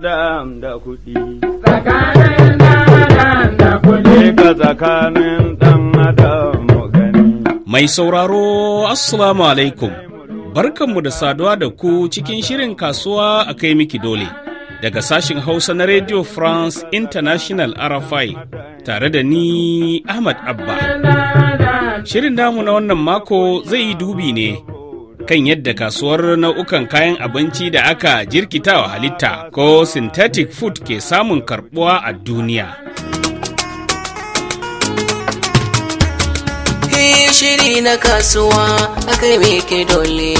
Mai sauraro, Assalamu alaikum. Barkanmu da saduwa da ku cikin shirin kasuwa a kai miki dole. Daga sashin Hausa na Radio France International RFI tare da ni Ahmad Abba. Shirin damu na wannan mako zai yi dubi ne kan yadda kasuwar nau'ukan kayan abinci da aka jirkitawa halitta ko synthetic food ke samun karbuwa a duniya. shiri na kasuwa a me dole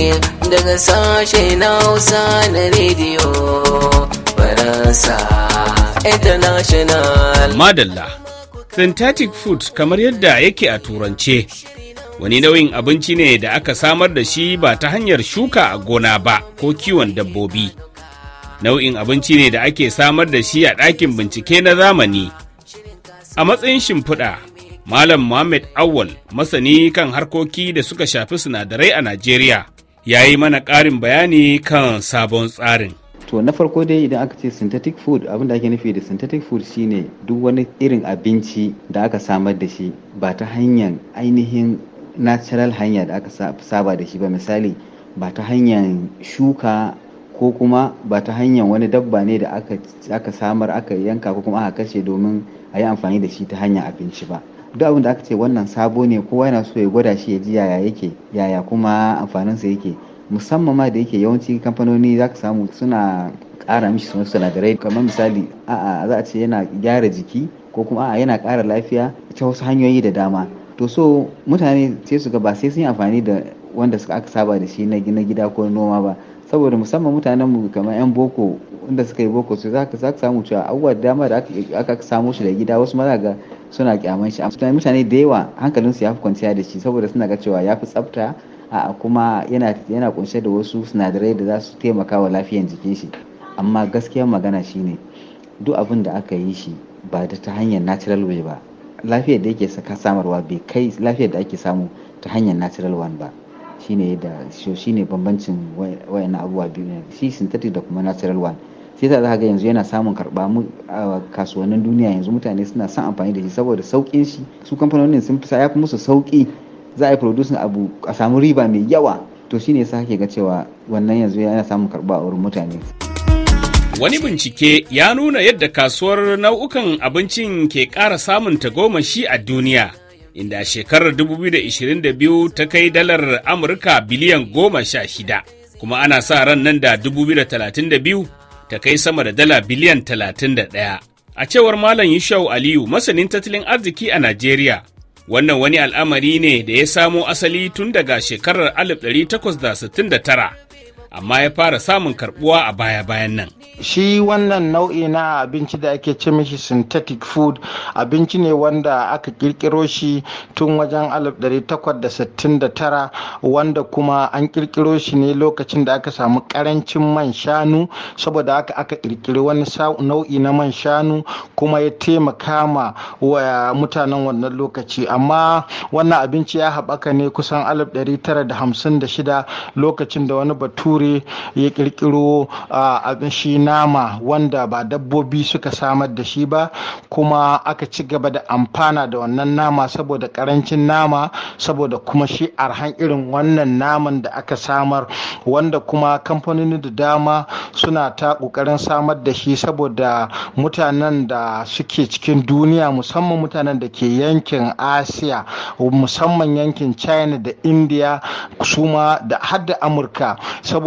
daga sashe na hausa na rediyo faransa international madalla synthetic food kamar yadda yake a turance wani nau'in abinci ne da aka samar da shi ba ta hanyar shuka a gona ba ko kiwon dabbobi nau'in abinci ne da ake samar da shi a ɗakin bincike na zamani a matsayin shimfiɗa malam muhammad awal masani kan harkoki da suka shafi sinadarai a najeriya ya yi mana ƙarin bayani kan sabon tsarin to na farko dai idan aka ce synthetic food abinda ake nufi da synthetic food shine duk wani irin abinci da aka samar da shi ba ta hanyar ainihin natural hanya da aka saba da shi ba misali ba ta hanyar shuka ko kuma ba ta hanyar wani dabba ne da aka samar aka yanka ko kuma aka kashe domin a yi amfani da shi ta hanyar abinci ba duk abin da aka ce wannan sabo ne kowa yana so ya gwada shi ya ji yaya yake yaya kuma amfaninsa yake musamman ma da yake yawanci kamfanoni za ka samu suna ƙara mishi sun sinadarai kamar misali a'a za a ce yana gyara jiki ko kuma a'a yana ƙara lafiya ta wasu hanyoyi da dama to so mutane sai su ga ba sai sun yi amfani da wanda suka aka saba da shi na gida ko noma ba saboda musamman mutanen mu kamar yan boko inda suka yi boko su zaka zaka samu cewa abubuwa da dama da aka samu shi da gida wasu maza ga suna kyaman shi amma mutane da yawa hankalin su ya fi kwanciya da shi saboda suna ga cewa ya fi tsafta a kuma yana yana kunshe da wasu sinadarai da za su taimaka wa lafiyar jikin shi amma gaskiyar magana shine duk abin da aka yi shi ba ta hanyar natural way ba lafiyar da yake saka samarwa bai kai lafiyar da ake samu ta hanyar natural one ba shine da shine bambancin wayan abubuwa biyu ne shi synthetic da kuma natural one sai ta zaka ga yanzu yana samun karba mu a kasuwannin duniya yanzu mutane suna son amfani da shi saboda saukin shi su kamfanonin sun fi ya fi musu sauki za a yi producin abu a samu riba mai yawa to shine yasa kake ga cewa wannan yanzu yana samun karba a wurin mutane. Wani bincike ya nuna yadda kasuwar nau'ukan abincin ke ƙara samun tagomashi a duniya, inda shekarar 2022 ta kai dalar Amurka biliyan goma sha shida, kuma ana sa ran nan da 2032 ta kai sama da dala biliyan 31. A cewar Malam Yushau Aliyu, masanin tattalin arziki a Najeriya, wannan wani al'amari ne da ya samo asali tun daga shekarar 1869. amma ya fara samun karbuwa a baya-bayan nan. Shi wannan nau'i na abinci da ake ce mishi synthetic food abinci ne wanda aka kirkiro shi tun wajen 1869 wanda kuma an kirkiro shi ne lokacin da aka samu karancin man shanu saboda aka aka kirkiri wani nau'i na man shanu kuma ya taimaka ma wa mutanen wannan lokaci amma wannan abinci ya haɓaka ne kusan 1956 lokacin da wani bature ya kirkiro abin shi nama wanda ba dabbobi suka samar da shi ba kuma aka ci gaba da amfana da wannan nama saboda karancin nama saboda kuma shi arhan irin wannan naman da aka samar wanda kuma kamfanin da dama suna ta kokarin samar da shi saboda mutanen da suke cikin duniya musamman mutanen da ke yankin asiya musamman yankin china da india su ma da har amurka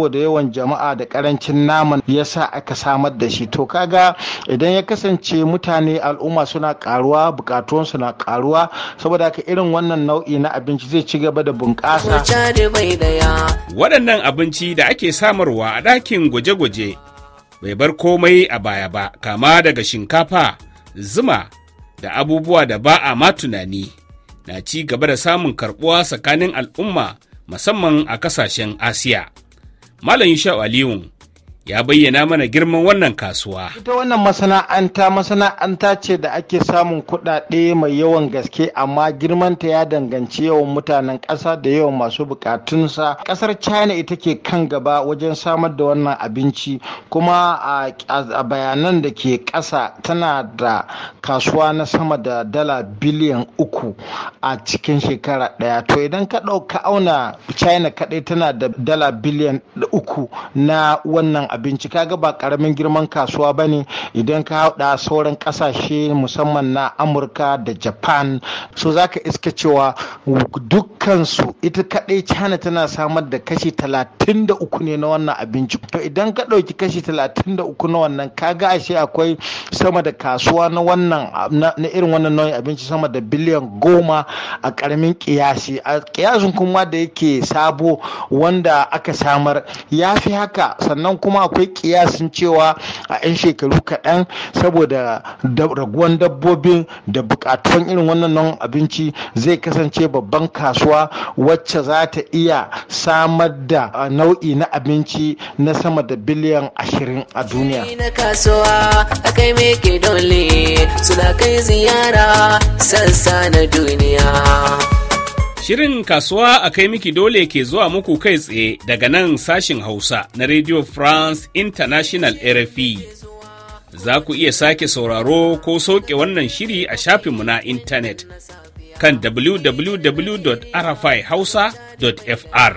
saboda yawan jama'a da karancin naman ya sa aka samar da shi to kaga idan ya kasance mutane al'umma suna karuwa bukatuwan suna karuwa saboda haka irin wannan nau'i na abinci zai ci gaba da bunƙasa waɗannan abinci da ake samarwa a ɗakin gwaje-gwaje bai bar komai a baya ba kama daga shinkafa zuma da abubuwa da ba a ma tunani na ci gaba da samun karbuwa tsakanin al'umma musamman a kasashen asiya Malam Yishau Aliyu ya bayyana mana girman wannan kasuwa. Ita wannan masana'anta masana'anta ce da ake samun kuɗaɗe mai yawan gaske amma girmanta ya danganci yawan mutanen ƙasa da yawan masu buƙatunsa. Ƙasar China ita ke kan gaba wajen samar da wannan abinci kuma a bayanan da ke ƙasa tana da kasuwa na sama da dala biliyan uku a cikin shekara ɗaya. To idan ka ɗauka auna China kaɗai tana da dala biliyan uku na wannan abinci kaga ba karamin girman kasuwa ba ne idan ka hauɗa sauran ƙasashe musamman na amurka da japan so za ka iska cewa dukkansu ita kaɗai china tana samar da kashi 33 ne na wannan abinci to idan ka ɗauki kashi 33 na wannan kaga ashe akwai sama da kasuwa na wannan na irin wannan nau'in abinci sama da biliyan goma a karamin kiyasi a kiyasin kuma da yake sabo wanda aka samar ya fi haka sannan kuma akwai kiyasin cewa a 'yan shekaru kaɗan saboda raguwan dabbobin da bukatuwan irin wannan abinci zai kasance babban kasuwa wacce za ta iya samar da nau'i na abinci na sama da biliyan ashirin a duniya. suna kai ziyara sassa na duniya. Shirin kasuwa a kai miki dole ke zuwa muku kai tsaye daga nan sashin Hausa na Radio France International RFI. Za ku iya sake sauraro ko soke wannan shiri a shafinmu na intanet kan www.rfihausa.fr.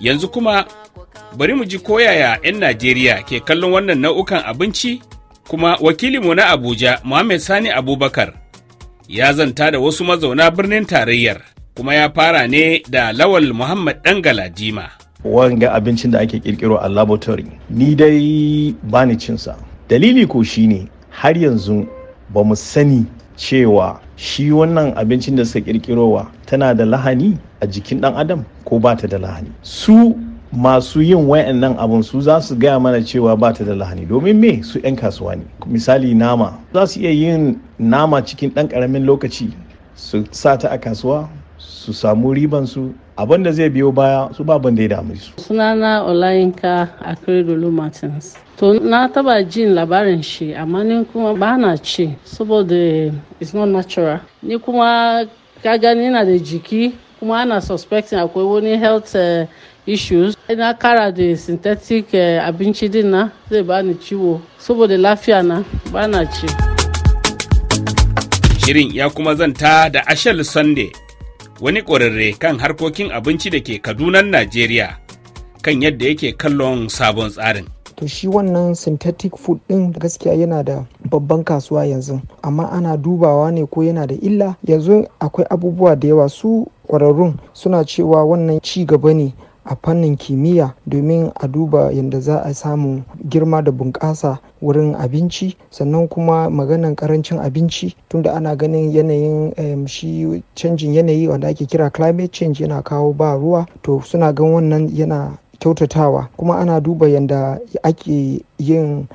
Yanzu kuma bari mu ji koyaya 'yan Najeriya ke kallon wannan nau'ukan abinci kuma wakilinmu na Abuja Muhammad Sani Abubakar ya zanta da wasu mazauna birnin tarayyar. kuma ya fara ne da lawal muhammad ɗan galadima wanga abincin da ake kirkiro a laboratory ni dai ba ni cinsa dalili ko shi ne har yanzu ba mu sani cewa shi wannan abincin da suka kirkirowa tana da lahani a jikin ɗan adam ko ba ta da lahani su masu yin wayannan abun su za su gaya mana cewa ba ta da lahani domin me su 'yan kasuwa ne misali nama za su iya yin nama cikin ɗan ƙaramin lokaci su sa ta a kasuwa su samu ribansu abin da zai biyo baya su baban da ya damu su. sunana olayinka a credulu martins to na taba jin labarin shi amma ni kuma ba na ce saboda it's not natural ni kuma ka gani na da jiki kuma ana suspecting akwai wani health uh, issues ina kara da synthetic uh, abinci din na zai bani ciwo saboda lafiya na ba na ce shirin ya kuma zanta da ashel sunday wani ƙwararre kan harkokin abinci da ke kadunan najeriya kan yadda yake kallon sabon tsarin to shi wannan synthetic food ɗin gaskiya yana da babban kasuwa yanzu amma ana dubawa ne ko yana da illa yanzu akwai abubuwa da yawa su ƙwararrun suna cewa wannan ci gaba ne a fannin kimiyya domin a duba yadda za a samu girma da bunƙasa wurin abinci sannan kuma maganar karancin abinci tunda ana ganin yanayin shi canjin yanayi wanda ake kira climate change yana kawo ba ruwa to suna gan wannan yana kyautatawa kuma ana duba yadda ake yin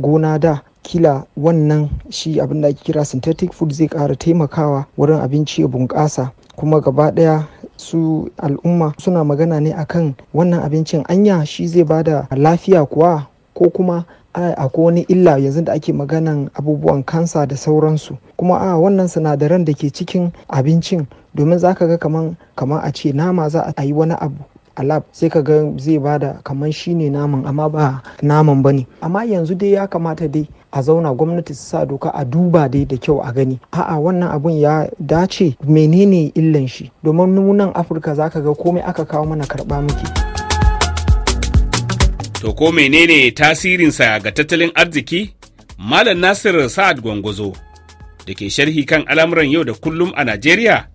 gona da kila wannan shi abin da ake kira synthetic food zai ƙara taimakawa wurin abinci ya bunƙasa kuma gaba ɗaya su al'umma suna magana ne akan wannan abincin anya shi zai bada lafiya kuwa ko kuma a wani illa yanzu da ake maganan abubuwan kansa da sauransu kuma a wannan sinadaran da ke cikin abincin domin za ka ga kaman kama a ce nama za a yi wani abu a sai ka ga zai bada kaman shine naman amma ba naman ba ne amma yanzu dai ya kamata dai a zauna gwamnati su sa doka a duba dai da kyau a gani a'a wannan abun ya dace menene illan shi domin nunan afirka zaka ga komai aka kawo mana karba muke to ko menene tasirinsa ga tattalin arziki malam nasir sa'ad gwangwazo da ke sharhi kan al'amuran yau da kullum a najeriya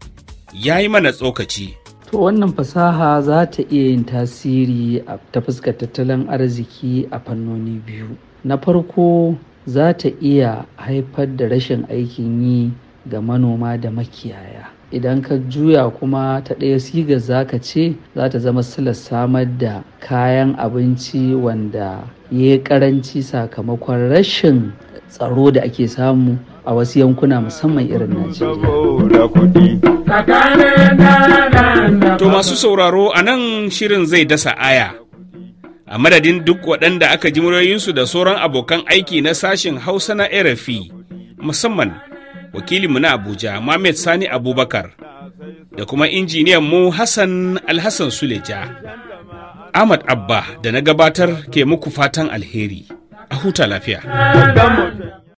ya yi mana tsokaci To wannan fasaha za ta iya yin tasiri ta fuskar tattalin arziki a fannoni biyu. Na farko za ta iya haifar da rashin aikin yi ga manoma da makiyaya idan ka juya kuma ta ɗaya sigar za ka ce za ta zama silar samar da kayan abinci wanda ya yi karanci sakamakon rashin tsaro da ake samu a wasu yankuna musamman irin Najeriya. To masu sauraro a nan shirin zai dasa aya a madadin duk waɗanda aka ji muryoyinsu da sauran abokan aiki na sashen hausa na rfi musamman wakilinmu na abuja Mohamed sani abubakar da kuma injiniyan mu hassan alhassan suleja ahmad abba da na gabatar ke muku fatan alheri a huta lafiya